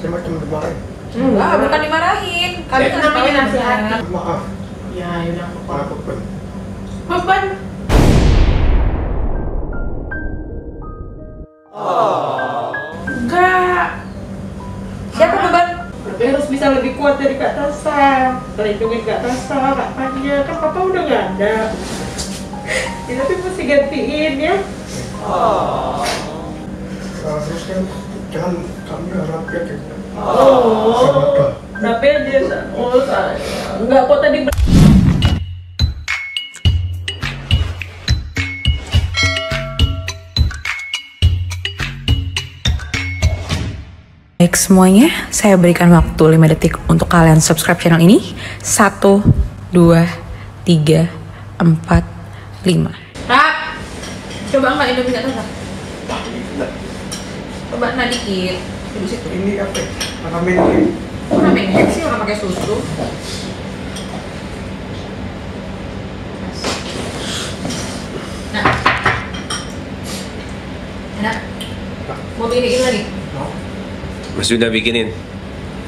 saya cuma dimarahin enggak bukan dimarahin eh, kami itu namanya nasihat. maaf ya, ya udah aku beban beban Oh. Enggak. Siapa ah. beban? Tapi harus bisa lebih kuat dari Kak Tasa. Terlindungi Kak Tasa, Kak Tanya. Kan Papa udah nggak ada. ya, tapi mesti gantiin ya. Oh. Eh, terus kan dan kami harap ya. Oh. tapi dia ngurus oh, Enggak kok tadi Baik semuanya, saya berikan waktu 5 detik untuk kalian subscribe channel ini 1, 2, 3, 4, 5 Rap, coba angkat Indomie gak terasa bermakna dikit di situ ini apa ramen oh, ramen sih orang pakai susu nah enak mau bikin lagi Mas sudah bikinin.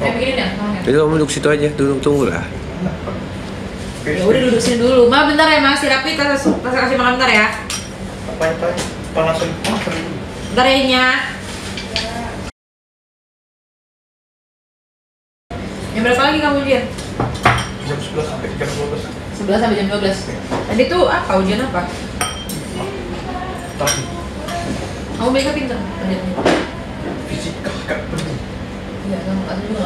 Saya bikinin ya, tolong ya. Jadi kamu duduk situ aja, duduk tunggu lah. Ya udah duduk sini dulu. Ma bentar ya Mas, rapi tas kasih makan bentar ya. Apa itu? Panasin. Bentar ya nyak. pagi kamu ujian? Jam 11 sampai jam 12 11 sampai jam 12? Tadi tuh apa? Ujian apa? Tapi Kamu mereka pinter kerjanya? Fisika, kan penting Iya, kamu kan juga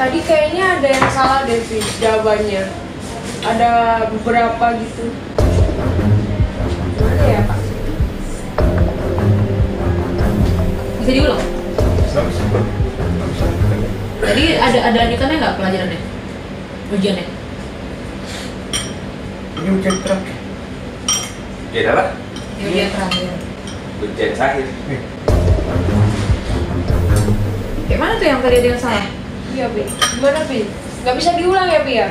Tadi kayaknya ada yang salah deh, sih Jawabannya Ada beberapa gitu ada lanjutannya nggak pelajarannya? Ujiannya? Ini ujian terakhir. Ya udah lah. Ya ujian terakhir. Ujian terakhir. Kayak eh. mana tuh yang tadi ada yang salah? Iya, Bi. Gimana, Bi? Nggak bisa diulang ya, Bi ya?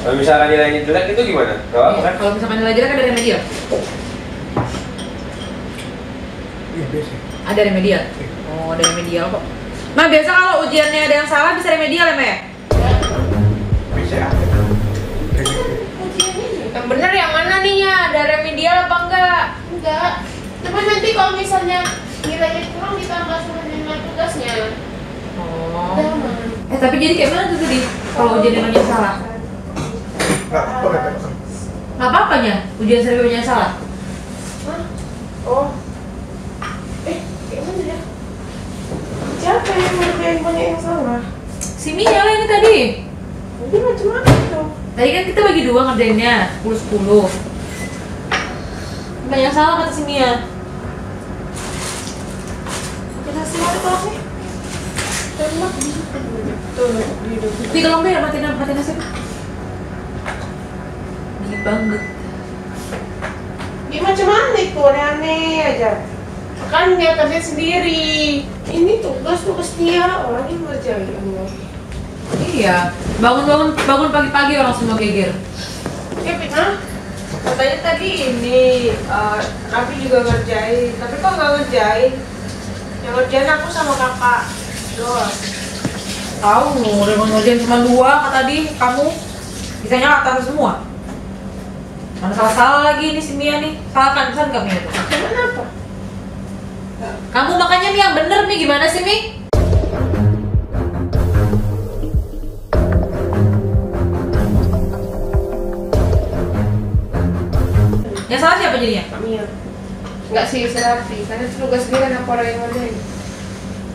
Kalau misalkan nilainya jelek itu gimana? Gak apa-apa iya, kan? Kalau misalkan nilai jelek ada remedial? Iya, biasa. Ada remedial? Iya. Oh, ada remedial kok. Ma nah, biasa kalau ujiannya ada yang salah bisa remedial ya Ma ya? Bisa. Yang bener yang mana nih ya? Ada remedial apa enggak? Enggak. Tapi nanti kalau misalnya nilainya kurang ditambah suruh nilai tugasnya. Oh. Eh tapi jadi kayak mana tuh tadi? Kalau ujian yang salah? Enggak apa-apanya apa ujian seriusnya salah? Siapa yang ngerti handphonenya yang salah? Si Mia lah ini tadi. Jadi macam apa tuh? Tadi kan kita bagi dua ngerjainnya, 10-10 Banyak salah kata si Mia ya. Kita simak tolong nih Tembak di Tuh, di depan Tapi tolong deh, matiin matiin asik Gini banget Gimana cuman nih, aneh aja kan lihat kerja sendiri ini tugas tuh orang orangnya ngerjain iya bangun bangun bangun pagi-pagi orang semua geger ya Hah? katanya tadi ini uh, Raffi juga ngerjain tapi kok nggak ngerjain yang ngerjain aku sama kakak doang tahu udah ngerjain cuma dua kata tadi kamu bisa latar semua mana salah salah lagi ini si Mia nih salah kan pesan nggak punya kenapa kamu makannya mie yang bener nih gimana sih Mi? Yang salah siapa jadinya? Mia. Enggak sih, Serafi. Karena tugas dia kan aku orang yang ngerjain.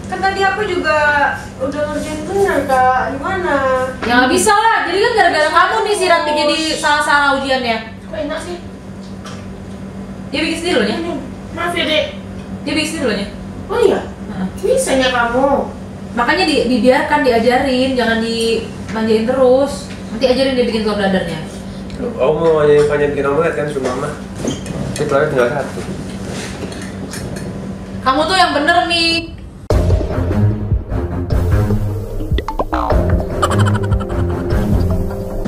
Kan tadi aku juga udah ngerjain bener, Kak. Gimana? Ya nggak bisa lah. Jadi kan gara-gara kamu nih si Rafi jadi salah-salah ujiannya. Kok enak sih? Dia bikin sendiri loh ya? Maaf ya, Dek dia bikin dulunya oh iya nah. bisanya kamu makanya di, dibiarkan diajarin jangan dimanjain terus nanti ajarin dia bikin telur dadarnya oh mau aja panjang bikin omelet kan cuma mama itu telurnya tinggal satu kamu tuh yang bener nih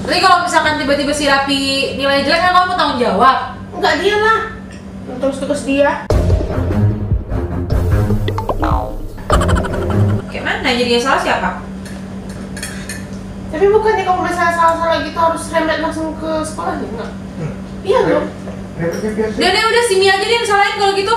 Tapi kalau misalkan tiba-tiba si Rapi nilai jelek kan kamu tanggung jawab? Enggak dia lah. Terus terus dia. Bagaimana? Jadi yang salah siapa? Tapi bukannya kalau misalnya salah-salah gitu harus remet langsung ke sekolah juga? Iya Hmm. Iya dong. Dede udah sini aja deh yang salahin kalau gitu.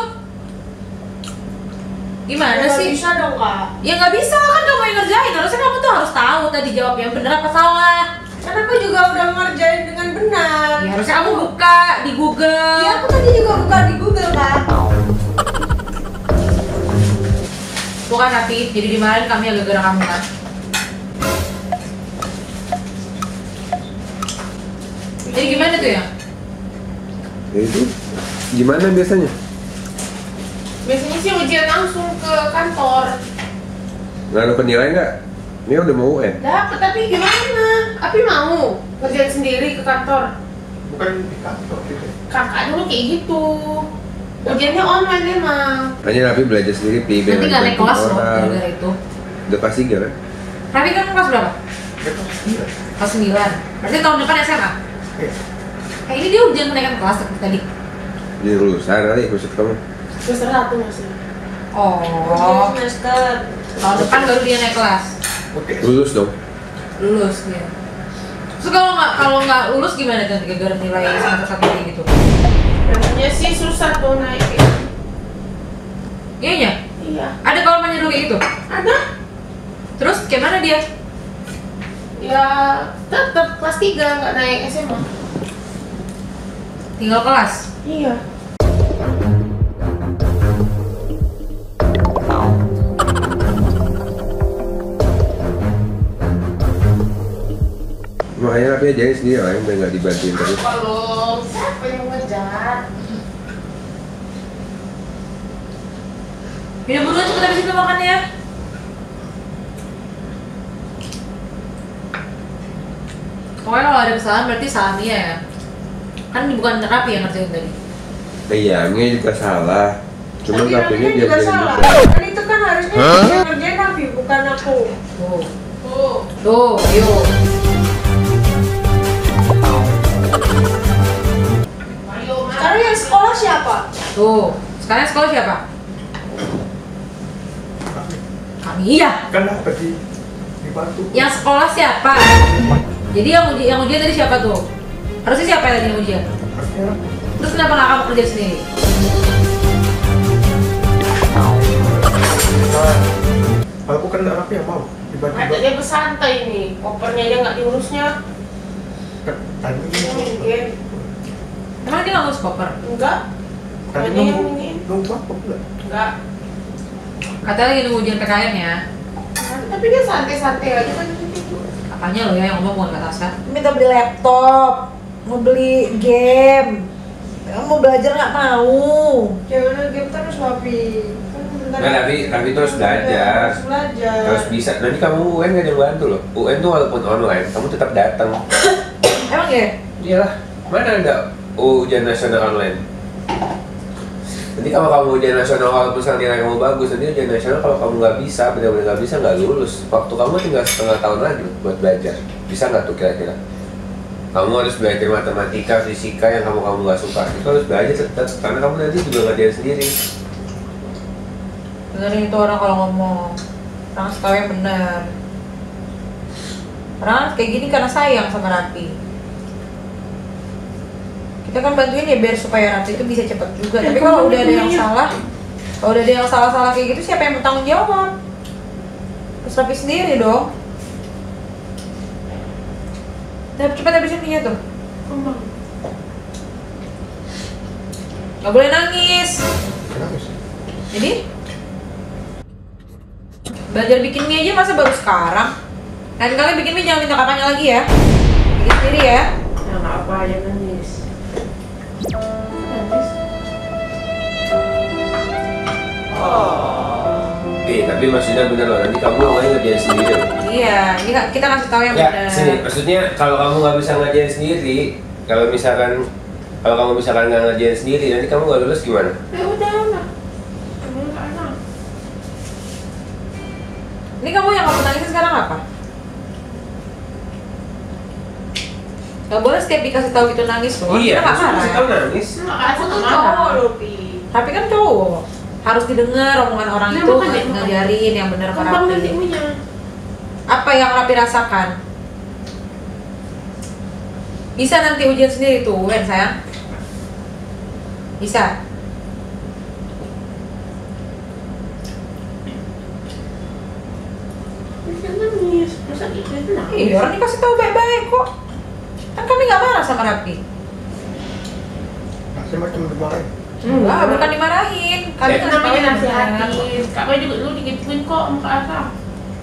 Gimana ya, sih? bisa dong kak. Ya nggak bisa kan kamu yang ngerjain. Harusnya kamu tuh harus tahu tadi jawab yang benar apa salah. Karena aku juga udah ngerjain dengan benar. Ya harusnya kamu buka di Google. Iya aku tadi juga buka di Google kak. bukan kan jadi dimarahin kami agak gara kamu kan Jadi gimana tuh ya? Ya itu, gimana biasanya? Biasanya sih ujian langsung ke kantor Gak ada penilaian nggak? Ini udah mau UN? Dapat, tapi gimana? Tapi mau kerja sendiri ke kantor Bukan di kantor gitu Kakak dulu kayak gitu Ujiannya online emang. Ya, Hanya Rapi belajar sendiri pilih Nanti nggak naik kelas loh gara itu. Udah pasti tiga kan? kan kelas berapa? kelas sembilan. Kelas sembilan. Berarti tahun depan SMA. Iya. Kayak ini dia ujian kenaikan kelas tadi. Ini lulusan kali, khusus kamu. Semester satu masih. Oh. oh. Semester. Tahun depan baru dia naik kelas. Oke. Lulus dong. Lulus dia. Terus so, kalau nggak kalau nggak lulus gimana kan gara-gara nilai semester satu gitu? Katanya sih susah tuh naikin. Iya, iya Iya. Ada kalau menyusui itu? Ada. Terus gimana dia? Ya tetap kelas tiga nggak naik SMA. Tinggal kelas? Iya. Makanya tapi jadi sendiri lah, yang nggak dibantuin terus. Kalau Minum ya, buruan cepet habis itu makan ya. Pokoknya kalau ada kesalahan berarti salah dia ya. Kan bukan Rapi yang ngerjain tadi. Iya, ini juga salah. Cuma Tapi ini dia juga salah. Juga. Kan itu kan harusnya huh? yang ngerjain Rapi, bukan aku. Tuh. Oh. Tuh. Oh. Tuh, oh, yuk. Iya. Sekarang yang sekolah siapa? Tuh, sekarang sekolah siapa? Iya. Kan apa di dibantu Yang sekolah siapa? Jadi yang uji, yang ujian tadi siapa tuh? Harusnya siapa yang tadi yang ujian? Harusnya. Terus kenapa nggak kamu kerja sendiri? kalau aku kan anaknya mau dibantu Ada dia bersantai ini, kopernya aja nggak diurusnya. Kan tadi. Emang dia nggak ngurus koper? Enggak. Tadi ini nunggu apa pula? Enggak. Katanya lagi nunggu ujian PKN ya. Ah, tapi dia santai-santai aja kan. Apanya lo ya yang ngomong bukan kata Minta beli laptop, mau beli game, mau belajar nggak mau. Jangan game terus wapi. Nah, kan tapi tapi terus belajar. Terus belajar. Terus bisa. Nanti kamu UN gak jadi bantu loh. UN tuh walaupun online, kamu tetap datang. Emang ya? Iyalah. Mana ada ujian nasional online? Nanti kalau kamu ujian nasional kalau misalnya nilai kamu bagus, nanti ujian nasional kalau kamu nggak bisa, benar-benar nggak bisa nggak lulus. Waktu kamu tinggal setengah tahun lagi buat belajar. Bisa nggak tuh kira-kira? Kamu harus belajar matematika, fisika yang kamu kamu nggak suka. Itu harus belajar tetap karena kamu nanti juga nggak jadi sendiri. benar itu orang kalau ngomong orang sekalian benar Orang kayak gini karena sayang sama Rapi kita kan bantuin ya biar supaya nanti itu bisa cepet juga ya, tapi kalau udah ada yang ya. salah kalau udah ada yang salah-salah kayak gitu siapa yang bertanggung jawab Terus tapi sendiri dong Tapi cepat habisin ya tuh Rumah Gak boleh nangis Jadi? Belajar bikin mie aja masa baru sekarang? Lain kalian bikin mie jangan minta katanya lagi ya Bikin sendiri ya, ya Jangan apa aja nanti oh. eh tapi maksudnya benar loh nanti kamu nggak ngerjain sendiri iya ini kita kasih tahu yang ya, benar. sini maksudnya kalau kamu nggak bisa ngerjain sendiri kalau misalkan kalau kamu misalkan nggak ngerjain sendiri nanti kamu nggak lulus gimana ya udah anak ini kamu yang mau nangis sekarang apa Gak boleh setiap dikasih tahu gitu nangis loh. Iya, kita gak marah. Kamu nangis. Makasih aku tuh cowok, Tapi kan cowok harus didengar omongan orang iya, itu ngajarin yang benar para apa yang Rapi rasakan bisa nanti ujian sendiri tuh Wen sayang bisa nangis kan masa nangis gitu iya orang dikasih tahu baik-baik kok kan kami nggak marah sama Rapi masih macam baik Enggak, hmm. bukan dimarahin. Kami tuh namanya nasihatin. Kakak juga dulu digituin kok muka Asa.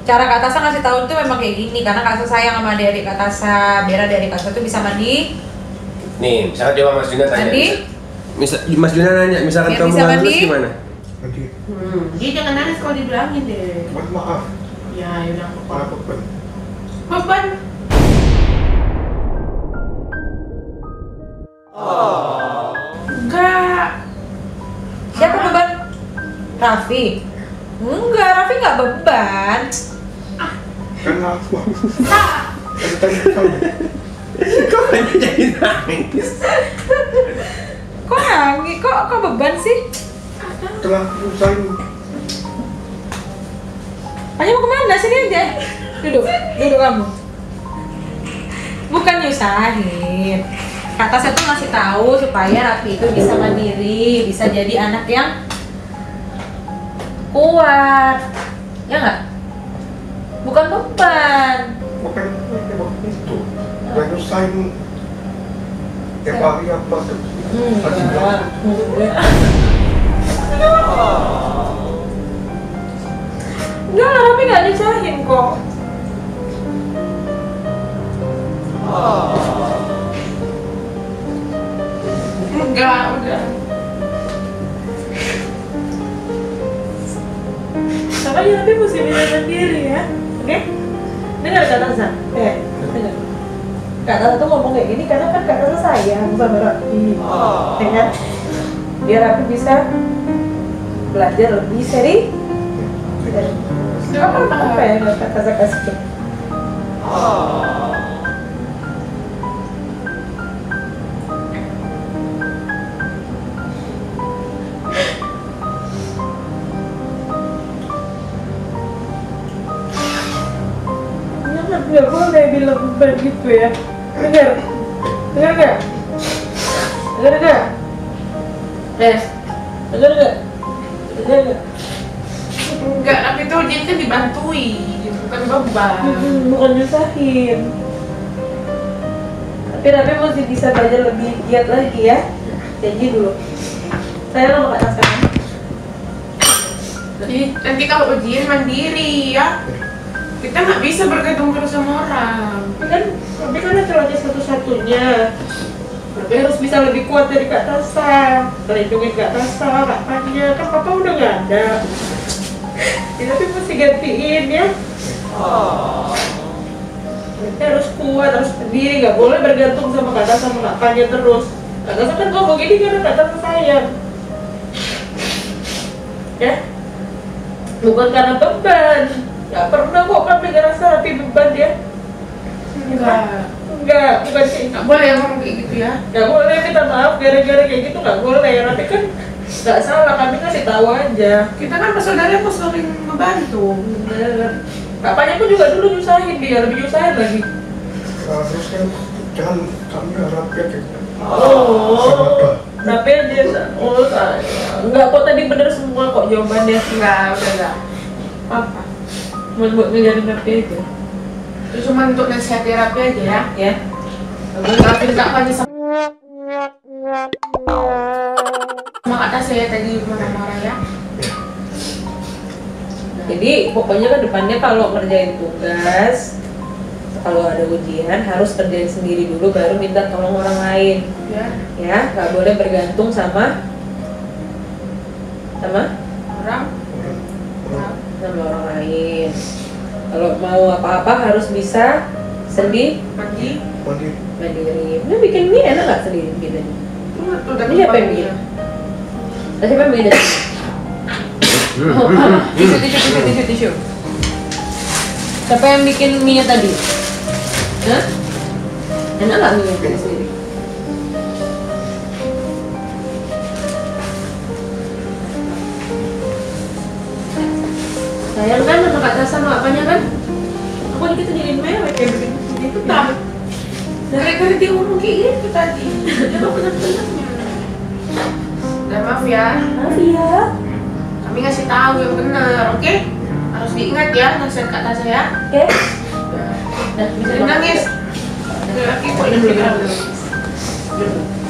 Cara Kak Tasa ngasih tahu tuh memang kayak gini karena Kak Tasa sayang sama adik-adik Kak Tasa. Biar adik-adik Kak Tasa tuh bisa mandi. Nih, misalnya coba Mas Juna tanya. Mandi? Misal, Mas Juna nanya, misalkan ya, kamu bisa mandi gimana? Mandi. Hmm, dia jangan nangis kalau dibilangin deh. Mohon maaf. Ya, ya udah. Beban. Beban. Raffi enggak Raffi nggak beban ah. kan aku kok hanya jadi nangis kok nangis kok kok beban sih telah usai Ayo mau kemana? Sini aja. Duduk, duduk kamu. Bukan nyusahin. Kata saya tuh masih tahu supaya Raffi itu bisa mandiri, bisa jadi anak yang kuat ya nggak bukan beban bukan memang itu banyak saing tiap hari apa hmm, Enggak, Raffi nggak tapi nyusahin kok. Ah. Enggak, udah. sama aja tapi bisa sendiri ya oke okay? dengar kata Zan eh dengar Kak tuh ngomong kayak gini karena kan Kak Tata sayang sama Rapi oh. Ya kan? Biar Rapi bisa belajar lebih seri dan apa, iya. apa yang Kak kata kasih Oh beban gitu ya dengar dengar gak dengar gak tes, dengar gak dengar gak enggak tapi itu dia kan dibantuin gitu, bukan beban bukan nyusahin tapi Rapi masih bisa belajar lebih giat lagi ya janji dulu saya lo makan sekarang jadi nanti kalau ujian mandiri ya kita nggak bisa bergantung terus sama orang kan tapi kan laki satu-satunya tapi harus bisa lebih kuat dari Kak Tasa melindungi Kak Tasa, Kak Tanya kan papa udah nggak ada ya, tapi mesti gantiin ya oh kita harus kuat, harus berdiri, nggak boleh bergantung sama Kak Tasa sama Kak Tanya terus Kak Tasa kan gue begini karena Kak Tasa sayang ya bukan karena beban Gak pernah kok kami ngerasa hati beban ya. Enggak. Enggak, bukan sih. Gitu. Enggak boleh ngomong kayak gitu ya. Enggak boleh, kita maaf gara-gara kayak gitu enggak boleh. Nanti kan enggak salah, kami ngasih tahu aja. Kita kan bersaudara kok sering membantu. Bener. Papanya pun juga dulu nyusahin dia, lebih nyusahin lagi. Terus kan jangan kami harap ya gitu. Oh, tapi ya dia oh, enggak kok tadi bener semua kok jawabannya enggak, udah enggak. Apa? buat buat ngejarin rapi aja, itu cuma untuk nasihati rapi aja ya ya rapi nggak pagi sama sama kata saya tadi marah-marah ya, ya. jadi pokoknya kan depannya kalau ngerjain tugas kalau ada ujian harus kerjain sendiri dulu baru minta tolong orang lain ya ya nggak boleh bergantung sama sama orang sama orang lain kalau mau apa-apa harus bisa mandi, mandiri mandiri nah, bikin mie enak nggak sendiri bikin ini Ini siapa yang bikin tadi siapa yang bikin tisu tisu tisu tisu tisu siapa yang bikin mie tadi Hah? enak nggak mie sendiri batasan apanya kan aku kita jadiin mewek kayak begini itu iya. tak gara-gara di ngomong kayak gitu tadi dia tuh bener maaf ya maaf ya kami ngasih tahu yang benar oke harus diingat ya nasihat kata saya oke dan bisa nangis laki kok ini belum